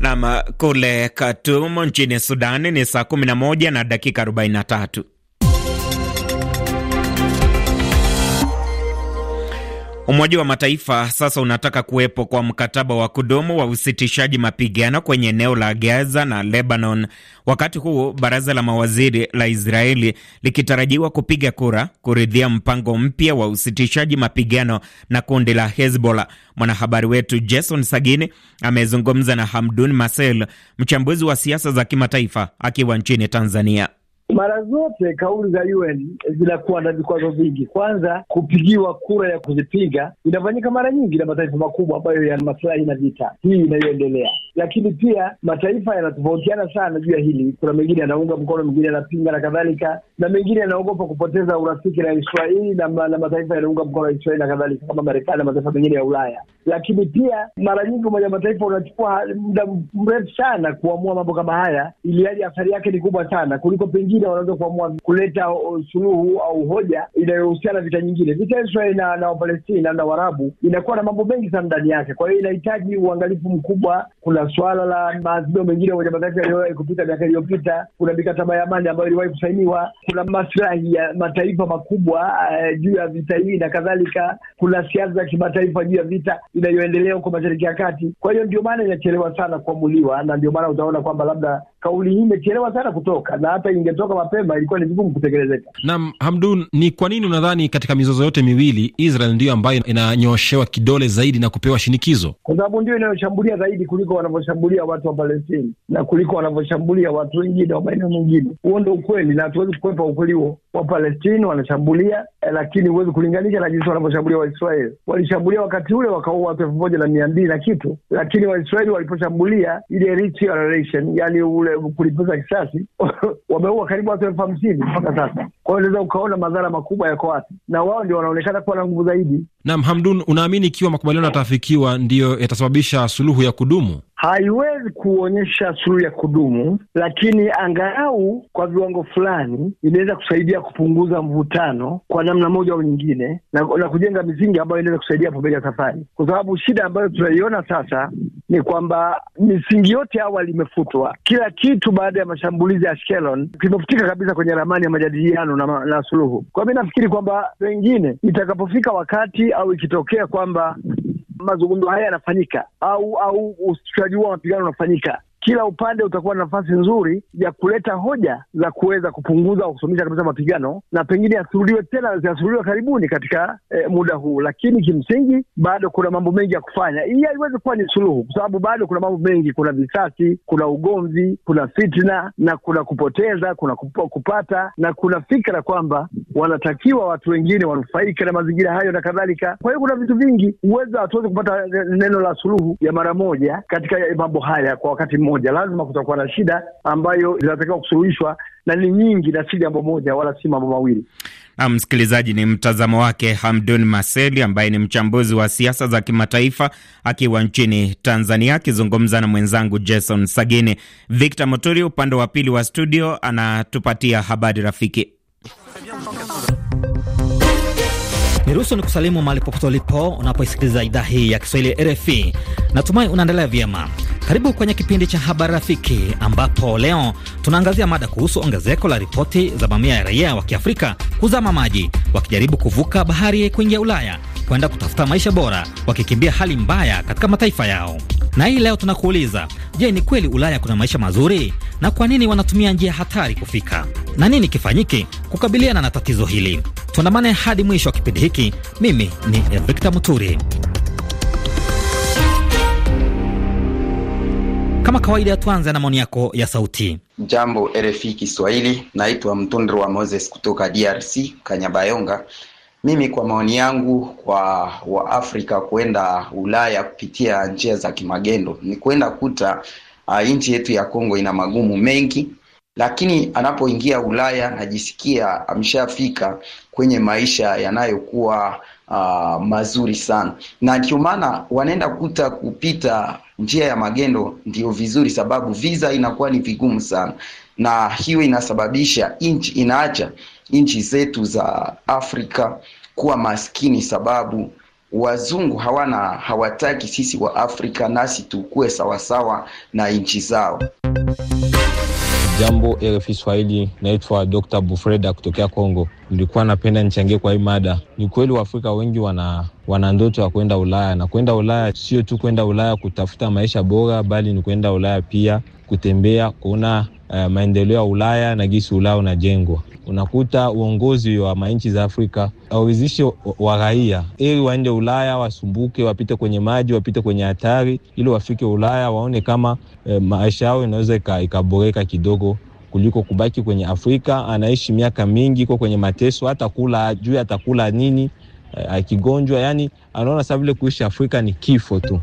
Nam kule Khartoum nchini Sudani ni saa 11 na dakika 43. Umoja wa Mataifa sasa unataka kuwepo kwa mkataba wa kudumu wa usitishaji mapigano kwenye eneo la Gaza na Lebanon, wakati huu baraza la mawaziri la Israeli likitarajiwa kupiga kura kuridhia mpango mpya wa usitishaji mapigano na kundi la Hezbollah. Mwanahabari wetu Jason Sagini amezungumza na Hamdun Masel, mchambuzi wa siasa za kimataifa akiwa nchini Tanzania. Mara zote kauli za UN zinakuwa na vikwazo vingi. Kwanza, kupigiwa kura ya kuzipinga inafanyika mara nyingi na mataifa makubwa ambayo yana maslahi na vita hii inayoendelea, lakini pia mataifa yanatofautiana sana juu ya hili. Kuna mengine yanaunga mkono, mengine yanapinga na kadhalika, na mengine yanaogopa kupoteza urafiki na Israeli na, ma, na mataifa yanaunga mkono Israeli na kadhalika, kama Marekani na mataifa mengine ya Ulaya. Lakini pia mara nyingi Umoja wa Mataifa unachukua muda mrefu sana kuamua mambo kama haya, ili hali athari yake ni kubwa sana kuliko pengine pamoja wanaweza kuamua kuleta uh, suluhu au hoja inayohusiana vita nyingine. Vita ya na, na Wapalestina na Waarabu inakuwa na mambo mengi sana ndani yake, kwa hiyo inahitaji uangalifu mkubwa. Kuna swala la maazimio mengine ya Umoja Mataifa yaliyowahi kupita miaka iliyopita, kuna mikataba ya amani ambayo iliwahi kusainiwa, kuna maslahi ya mataifa makubwa uh, juu ya vita hii na kadhalika, kuna siasa za kimataifa juu ya vita inayoendelea huko Mashariki ya Kati. Kwa hiyo ndio maana inachelewa sana kuamuliwa, na ndio maana utaona kwamba labda kauli hii imechelewa sana kutoka, na hata ingetoka mapema ilikuwa ni vigumu kutekelezeka. Naam, Hamdun, ni kwa nini unadhani katika mizozo yote miwili Israel ndiyo ambayo inanyoshewa kidole zaidi na kupewa shinikizo? Kwa sababu ndio inayoshambulia zaidi kuliko wanavyoshambulia watu wa Palestina na kuliko wanavyoshambulia watu wengine wa maeneo mengine. Huo ndio ukweli, na hatuwezi kukwepa ukweli huo. Wapalestina wanashambulia Eh, lakini huwezi kulinganisha na jinsi wanavyoshambulia Waisraeli. Walishambulia wakati ule wakaua watu elfu moja na mia mbili na kitu, lakini Waisraeli waliposhambulia ile retaliation, yani ule kulipiza kisasi wameua karibu watu elfu hamsini mpaka sasa. Kwa hiyo unaweza ukaona madhara makubwa yako wapi, na wao ndio wanaonekana kuwa na nguvu zaidi. Naam, Hamdun, unaamini ikiwa makubaliano yataafikiwa ndiyo yatasababisha suluhu ya kudumu? haiwezi kuonyesha suluhu ya kudumu, lakini angalau kwa viwango fulani inaweza kusaidia kupunguza mvutano kwa namna moja au nyingine, na, na kujenga misingi ambayo inaweza kusaidia pembeni ya safari, kwa sababu shida ambayo tunaiona sasa ni kwamba misingi yote awali imefutwa. Kila kitu baada ya mashambulizi ya Ashkelon kimefutika kabisa kwenye ramani ya majadiliano na, na suluhu. Kwa mi nafikiri kwamba pengine itakapofika wakati au ikitokea kwamba mazungumzo haya yanafanyika au au usitishaji wa mapigano unafanyika kila upande utakuwa na nafasi nzuri ya kuleta hoja za kuweza kupunguza au kusomisha kabisa mapigano, na pengine yasuluhiwe tena, yasuluhiwe karibuni katika e, muda huu. Lakini kimsingi bado kuna mambo mengi ya kufanya. Hii haiwezi kuwa ni suluhu, kwa sababu bado kuna mambo mengi, kuna visasi, kuna ugomvi, kuna fitna na kuna kupoteza, kuna kupata, na kuna fikra kwamba wanatakiwa watu wengine wanufaike na mazingira hayo na kadhalika. Kwa hiyo kuna vitu vingi, huweza hatuwezi kupata neno la suluhu ya mara moja katika mambo haya kwa wakati mmoja moja, lazima kutakuwa na shida ambayo zinatakiwa kusuluhishwa na ni nyingi, na si jambo moja wala si mambo mawili. Na msikilizaji, ni mtazamo wake Hamdun Maseli ambaye ni mchambuzi wa siasa za kimataifa akiwa nchini Tanzania, akizungumza na mwenzangu Jason Sagini. Victor Moturi upande wa pili wa studio anatupatia habari rafiki. Niruhusu ni kusalimu mahali popote ulipo unapoisikiliza idhaa hii ya Kiswahili ya RFI. Natumai unaendelea vyema. Karibu kwenye kipindi cha Habari Rafiki, ambapo leo tunaangazia mada kuhusu ongezeko la ripoti za mamia ya raia wa Kiafrika kuzama maji wakijaribu kuvuka bahari kuingia Ulaya kwenda kutafuta maisha bora, wakikimbia hali mbaya katika mataifa yao. Na hii leo tunakuuliza, je, ni kweli Ulaya kuna maisha mazuri? Na kwa nini wanatumia njia hatari kufika? Na nini kifanyike kukabiliana na tatizo hili? Tuandamane hadi mwisho wa kipindi hiki. Mimi ni Victor Muturi. Kama kawaida, tuanze na maoni yako ya sauti. Jambo RFI Kiswahili, naitwa Mtundro wa Moses kutoka DRC, Kanyabayonga. Mimi kwa maoni yangu, kwa Waafrika kuenda Ulaya kupitia njia za kimagendo ni kuenda kuta uh, nchi yetu ya Kongo ina magumu mengi, lakini anapoingia Ulaya najisikia ameshafika kwenye maisha yanayokuwa uh, mazuri sana, na ndio maana wanaenda kuta kupita njia ya magendo ndio vizuri, sababu visa inakuwa ni vigumu sana, na hiyo inasababisha inchi, inaacha nchi zetu za Afrika kuwa maskini, sababu wazungu hawana hawataki sisi wa Afrika nasi tukue sawasawa na nchi zao. Jambo RFI Swahili, naitwa Dr. Bufreda kutokea Kongo. Nilikuwa napenda nichangie kwa hii mada. Ni kweli Waafrika wengi wana wana ndoto ya kwenda Ulaya, na kwenda Ulaya sio tu kwenda Ulaya kutafuta maisha bora, bali ni kwenda Ulaya pia kutembea, kuona uh, maendeleo ya Ulaya na gisi Ulaya unajengwa. Unakuta uongozi wa manchi za Afrika awezishe wa raia, ili waende Ulaya wasumbuke, wapite kwenye maji, wapite kwenye hatari, ili wafike Ulaya waone kama eh, maisha yao inaweza ikaboreka kidogo kuliko kubaki kwenye Afrika. Anaishi miaka mingi kwa kwenye mateso, kula juu, atakula nini? Eh, akigonjwa, yani anaona saa vile kuishi Afrika ni kifo tu.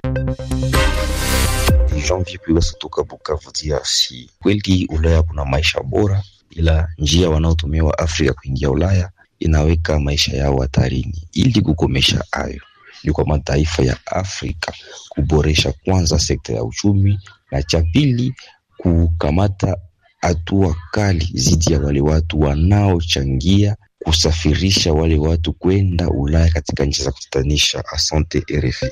Janvier Piloso toka Bukavu, DRC. Kweli Ulaya kuna maisha bora, ila njia wanaotumia wa Afrika kuingia Ulaya inaweka maisha yao hatarini. Ili kukomesha hayo, ni kwa mataifa ya Afrika kuboresha kwanza sekta ya uchumi, na cha pili kukamata hatua kali dhidi ya wale watu wanaochangia kusafirisha wale watu kwenda Ulaya katika nchi za kutatanisha. Asante RFI.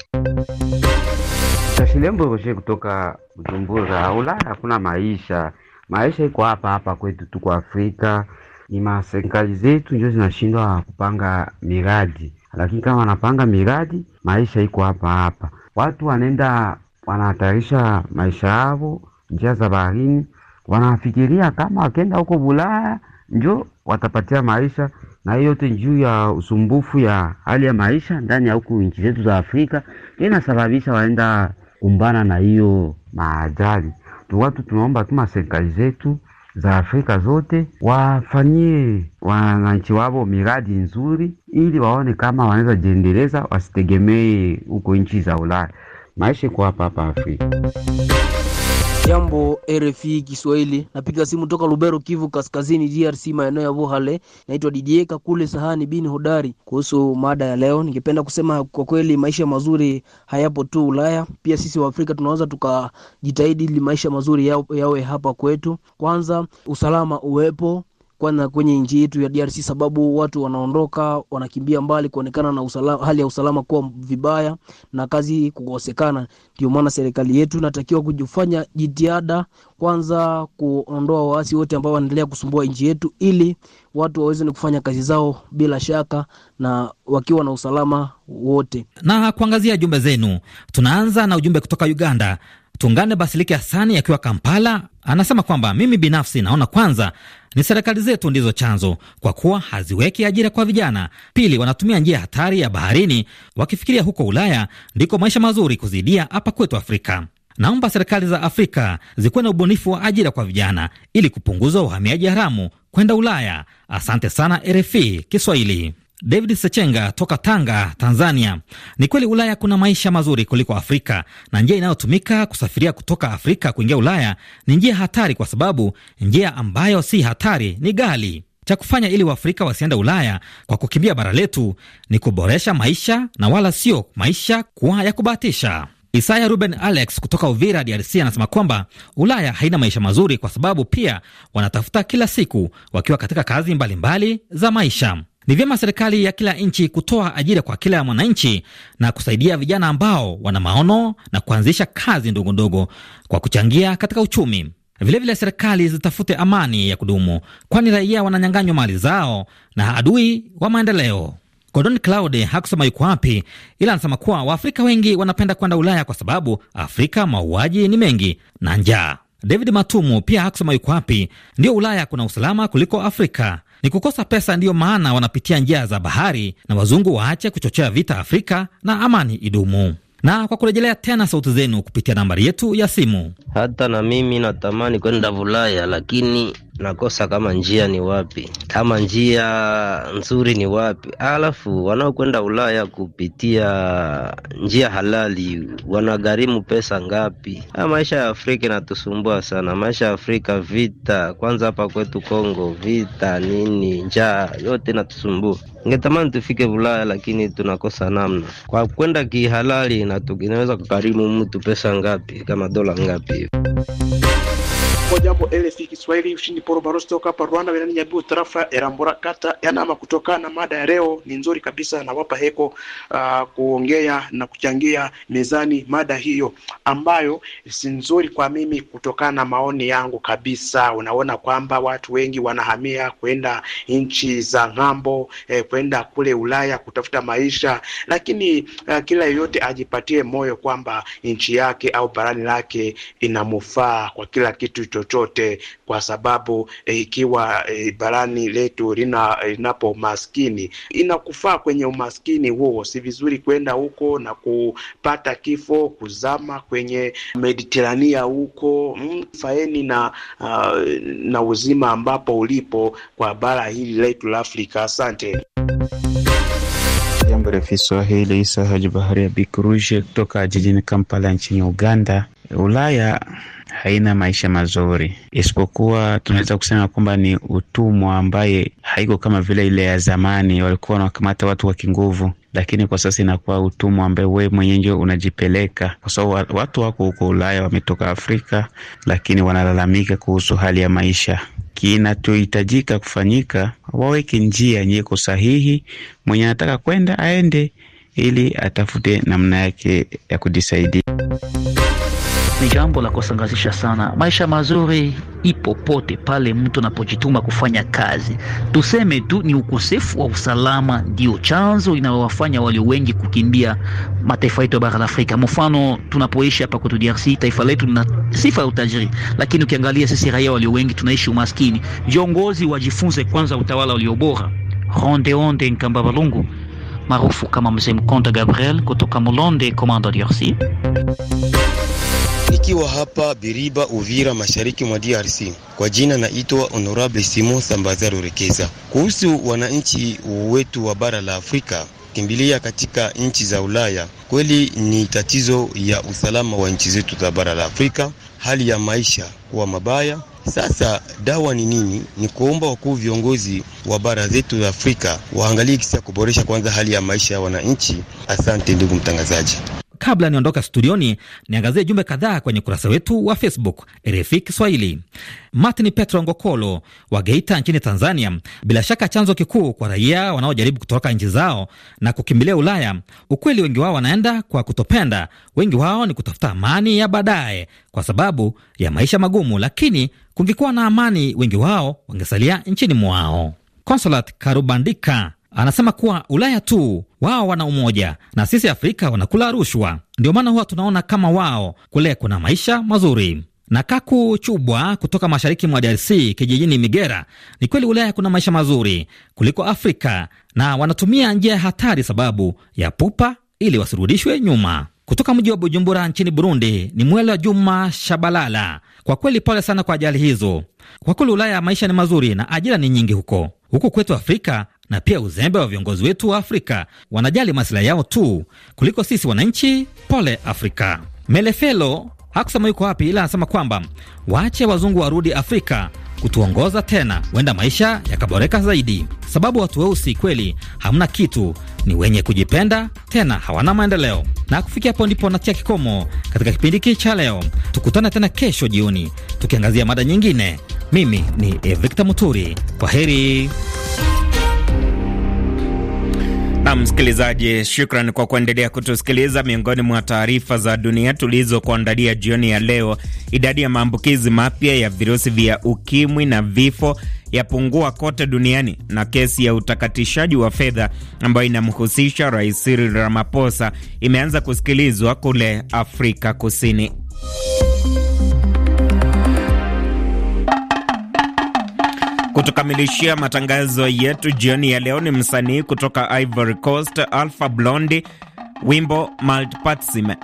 Tashilembo Roger kutoka Bujumbura. Ulaya hakuna maisha, maisha iko hapa hapa kwetu, tuko Afrika. Ni maserikali zetu ndio zinashindwa kupanga miradi, lakini kama wanapanga miradi, maisha iko hapa hapa. Watu wanaenda wanahatarisha maisha yao njia za baharini, wanafikiria kama wakenda huko Bulaya njo watapatia maisha, na hiyo yote juu ya usumbufu ya hali ya maisha ndani ya huku nchi zetu za Afrika inasababisha waenda kumbana na hiyo maajali. Watu tunaomba tu serikali zetu za Afrika zote wafanyie wananchi wao miradi nzuri, ili waone kama wanaweza jiendeleza, wasitegemee huko nchi za Ulaya. Maisha kwa hapa hapa Afrika. Jambo RFI Kiswahili, napiga simu toka Lubero, Kivu Kaskazini, DRC, maeneo ya Vuhale. Naitwa Didier Kakule Sahani bin Hodari. Kuhusu mada ya leo, ningependa kusema kwa kweli maisha mazuri hayapo tu Ulaya, pia sisi wa Afrika tunaweza tukajitahidi ili maisha mazuri yawe hapa kwetu. Kwanza usalama uwepo, kwanza kwenye nchi yetu ya DRC, sababu watu wanaondoka wanakimbia mbali kuonekana na usalama, hali ya usalama kuwa vibaya na kazi kukosekana. Ndio maana serikali yetu natakiwa kujifanya jitihada kwanza kuondoa waasi wote ambao wanaendelea kusumbua nchi yetu, ili watu waweze ni kufanya kazi zao bila shaka na wakiwa na usalama wote. Na kuangazia jumbe zenu, tunaanza na ujumbe kutoka Uganda. Tungane Basilike Hasani akiwa Kampala anasema kwamba mimi binafsi naona kwanza ni serikali zetu ndizo chanzo, kwa kuwa haziweki ajira kwa vijana. Pili, wanatumia njia hatari ya baharini, wakifikiria huko Ulaya ndiko maisha mazuri kuzidia hapa kwetu Afrika. Naomba serikali za Afrika zikuwe na ubunifu wa ajira kwa vijana ili kupunguza uhamiaji haramu kwenda Ulaya. Asante sana RFI Kiswahili. David Sechenga toka Tanga, Tanzania. Ni kweli Ulaya kuna maisha mazuri kuliko Afrika, na njia inayotumika kusafiria kutoka Afrika kuingia Ulaya ni njia hatari, kwa sababu njia ambayo si hatari ni ghali. Cha kufanya ili Waafrika wasiende Ulaya kwa kukimbia bara letu ni kuboresha maisha na wala sio maisha kuwa ya kubahatisha. Isaya Ruben Alex kutoka Uvira, DRC anasema kwamba Ulaya haina maisha mazuri kwa sababu pia wanatafuta kila siku wakiwa katika kazi mbalimbali mbali za maisha. Ni vyema serikali ya kila nchi kutoa ajira kwa kila mwananchi na kusaidia vijana ambao wana maono na kuanzisha kazi ndogo ndogo kwa kuchangia katika uchumi. Vilevile serikali zitafute amani ya kudumu, kwani raia wananyang'anywa mali zao na adui wa maendeleo. Gordon Cloud hakusema yuko wapi, ila anasema kuwa Waafrika wengi wanapenda kwenda Ulaya kwa sababu Afrika mauaji ni mengi na njaa. David Matumu pia hakusema yuko wapi, ndio Ulaya kuna usalama kuliko Afrika ni kukosa pesa, ndiyo maana wanapitia njia za bahari, na wazungu waache kuchochea vita Afrika na amani idumu na kwa kurejelea tena sauti zenu kupitia nambari yetu ya simu. Hata na mimi natamani kwenda Vulaya, lakini nakosa kama njia ni wapi, kama njia nzuri ni wapi. Alafu wanaokwenda Ulaya kupitia njia halali wanagharimu pesa ngapi? Haya ah, maisha ya Afrika inatusumbua sana. Maisha ya Afrika, vita kwanza hapa kwetu Kongo, vita nini, njaa, yote inatusumbua. Ningetamani tufike Ulaya lakini tunakosa namna. Kwa kwenda kihalali na tunaweza kukarimu mtu pesa ngapi, kama dola ngapi hivi kwa jambo LFI Kiswahili, ushindi poro baro toka hapa Rwanda, wenani nyabiu tarafa Erambura, kata ya Nama. Kutokana na mada ya leo ni nzuri kabisa, na wapa heko uh, kuongea na kuchangia mezani mada hiyo ambayo si nzuri kwa mimi, kutokana na maoni yangu kabisa. Unaona kwamba watu wengi wanahamia kwenda nchi za ng'ambo, eh, kwenda kule Ulaya kutafuta maisha, lakini uh, kila yeyote ajipatie moyo kwamba nchi yake au barani lake inamufaa kwa kila kitu ito chochote, kwa sababu eh, ikiwa eh, barani letu lina linapo eh, maskini inakufaa kwenye umaskini huo. Si vizuri kwenda huko na kupata kifo, kuzama kwenye Mediterania huko. Mm, faeni na uh, na uzima ambapo ulipo kwa bara hili letu la Afrika. Asante. Jambo la Kiswahili, Isa Haji Bahari ya Bikurushe kutoka jijini Kampala nchini Uganda, Ulaya haina maisha mazuri, isipokuwa tunaweza kusema kwamba ni utumwa ambaye haiko kama vile ile ya zamani, walikuwa wanakamata watu wa kinguvu lakini kwa sasa inakuwa utumwa ambaye wewe mwenyewe unajipeleka, kwa sababu watu wako huko Ulaya wametoka Afrika, lakini wanalalamika kuhusu hali ya maisha. Kinachohitajika kufanyika, waweke njia nyeko sahihi, mwenye anataka kwenda aende, ili atafute namna yake ya kujisaidia ni jambo la kusangazisha sana. Maisha mazuri ipo pote pale mtu anapojituma kufanya kazi. Tuseme tu ni ukosefu wa usalama ndio chanzo inayowafanya walio wengi kukimbia mataifa yetu ya bara la Afrika. Mfano, tunapoishi hapa kwetu DRC, taifa letu lina sifa ya utajiri, lakini ukiangalia sisi raia walio wengi tunaishi umaskini. Viongozi wajifunze kwanza utawala ulio bora. Ronde Onde Nkamba Balungu maarufu kama Mzee Mkonta Gabriel kutoka Mulonde, Komanda DRC. Nikiwa hapa Biriba, Uvira, mashariki mwa DRC. Kwa jina naitwa Honorable Simon Sambazaro Rekeza. Kuhusu wananchi wetu wa bara la Afrika kimbilia katika nchi za Ulaya, kweli ni tatizo ya usalama wa nchi zetu za bara la Afrika, hali ya maisha kuwa mabaya. Sasa dawa ni nini? Ni kuomba wakuu viongozi wa bara zetu za Afrika waangalie kisa kuboresha kwanza hali ya maisha ya wananchi. Asante ndugu mtangazaji. Kabla niondoka studioni, niangazie jumbe kadhaa kwenye ukurasa wetu wa Facebook RFI Kiswahili. Martin Petro Ngokolo wa Geita nchini Tanzania, bila shaka chanzo kikuu kwa raia wanaojaribu kutoroka nchi zao na kukimbilia Ulaya, ukweli wengi wao wanaenda kwa kutopenda, wengi wao ni kutafuta amani ya baadaye kwa sababu ya maisha magumu, lakini kungekuwa na amani, wengi wao wangesalia nchini mwao. Consolat Karubandika Anasema kuwa Ulaya tu wao wana umoja na sisi Afrika wanakula rushwa, ndio maana huwa tunaona kama wao kule kuna maisha mazuri. Na Kaku Chubwa kutoka mashariki mwa DRC kijijini Migera, ni kweli Ulaya kuna maisha mazuri kuliko Afrika, na wanatumia njia ya hatari sababu ya pupa ili wasirudishwe nyuma. Kutoka mji wa Bujumbura nchini Burundi ni wa Juma Shabalala. Kwa kweli pole sana kwa ajali hizo. Kwa kweli Ulaya maisha ni mazuri na ajira ni nyingi huko huku kwetu Afrika na pia uzembe wa viongozi wetu wa Afrika, wanajali masilahi yao tu kuliko sisi wananchi. Pole Afrika. Melefelo hakusema yuko wapi, ila anasema kwamba waache wazungu warudi Afrika kutuongoza tena, huenda maisha yakaboreka zaidi, sababu watu weusi kweli hamna kitu, ni wenye kujipenda, tena hawana maendeleo. Na kufikia hapo ndipo natia kikomo katika kipindi hiki cha leo. Tukutane tena kesho jioni tukiangazia mada nyingine. Mimi ni Victor Muturi, kwa heri. Na msikilizaji, shukran kwa kuendelea kutusikiliza. Miongoni mwa taarifa za dunia tulizokuandalia jioni ya leo, idadi ya maambukizi mapya ya virusi vya ukimwi na vifo yapungua kote duniani, na kesi ya utakatishaji wa fedha ambayo inamhusisha Rais Cyril Ramaphosa imeanza kusikilizwa kule Afrika Kusini. Kutukamilishia matangazo yetu jioni ya leo ni msanii kutoka Ivory Coast Alpha Blondy, wimbo Maltpatsime.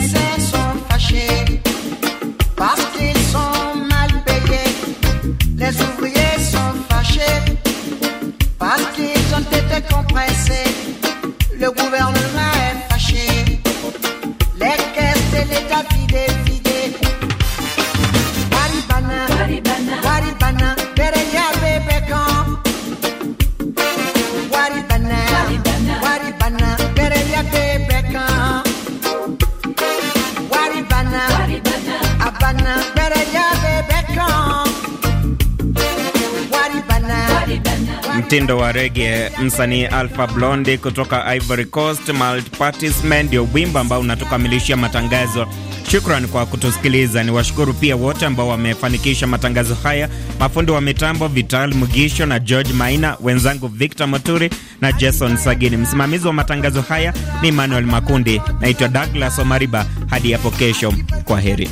Les médecins sont fâchés parce qu'ils sont mal payés. Les ouvriers sont fâchés parce qu'ils ont été compressés. Mtindo wa rege, msanii Alpha Blondy kutoka Ivory Coast, Malpartisme ndio wimbo ambao unatukamilishia matangazo. Shukran kwa kutusikiliza. Ni washukuru pia wote ambao wamefanikisha matangazo haya, mafundi wa mitambo Vital Mugisho na George Maina, wenzangu Victor Moturi na Jason Sagini. Msimamizi wa matangazo haya ni Emmanuel Makundi. Naitwa Douglas Omariba. Hadi hapo kesho, kwa heri.